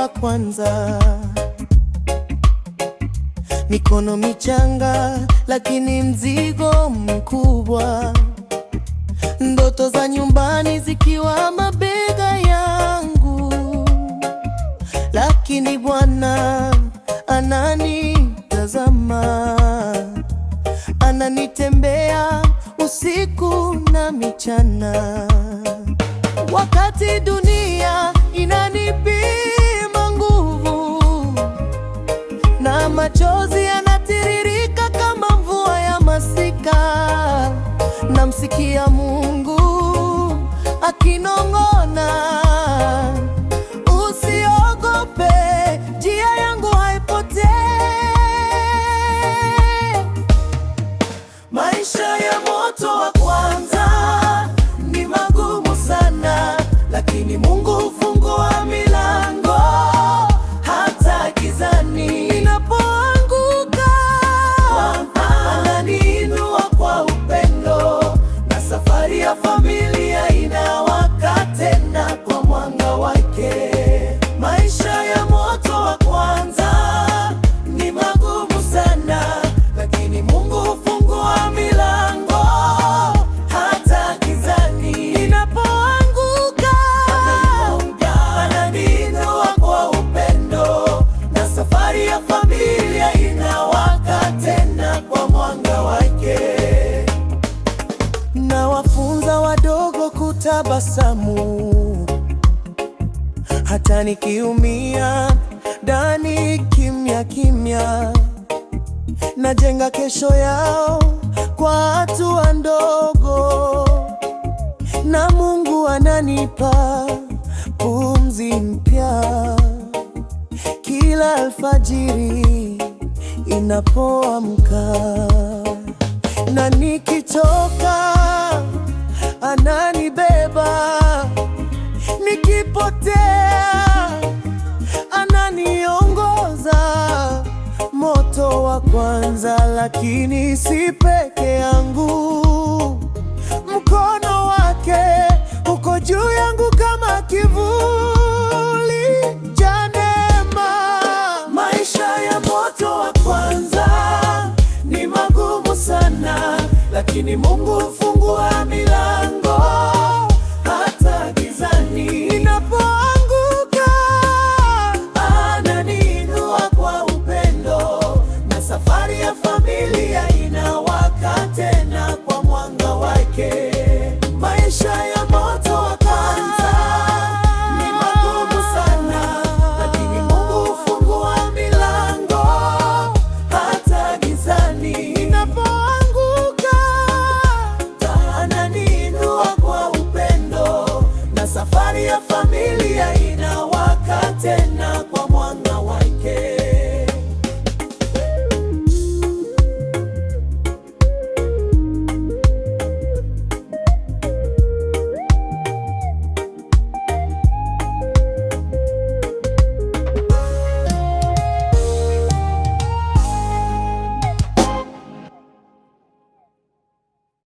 wa kwanza, mikono michanga lakini mzigo mkubwa, ndoto za nyumbani zikiwa mabega yangu, lakini Bwana ananitazama, ananitembea usiku na michana, wakati dunia Namsikia Mungu akinong'ona, usiogope, njia yangu haipotei. Maisha ya moto tabasamu, hata nikiumia ndani kimya kimya, najenga kesho yao kwa hatua ndogo, na Mungu ananipa pumzi mpya kila alfajiri inapoamka, na nikitoka kwanza, lakini si peke yangu. Mkono wake uko juu yangu kama kivuli cha neema. Maisha ya moto wa kwanza ni magumu sana, lakini Mungu hufungua milango minha família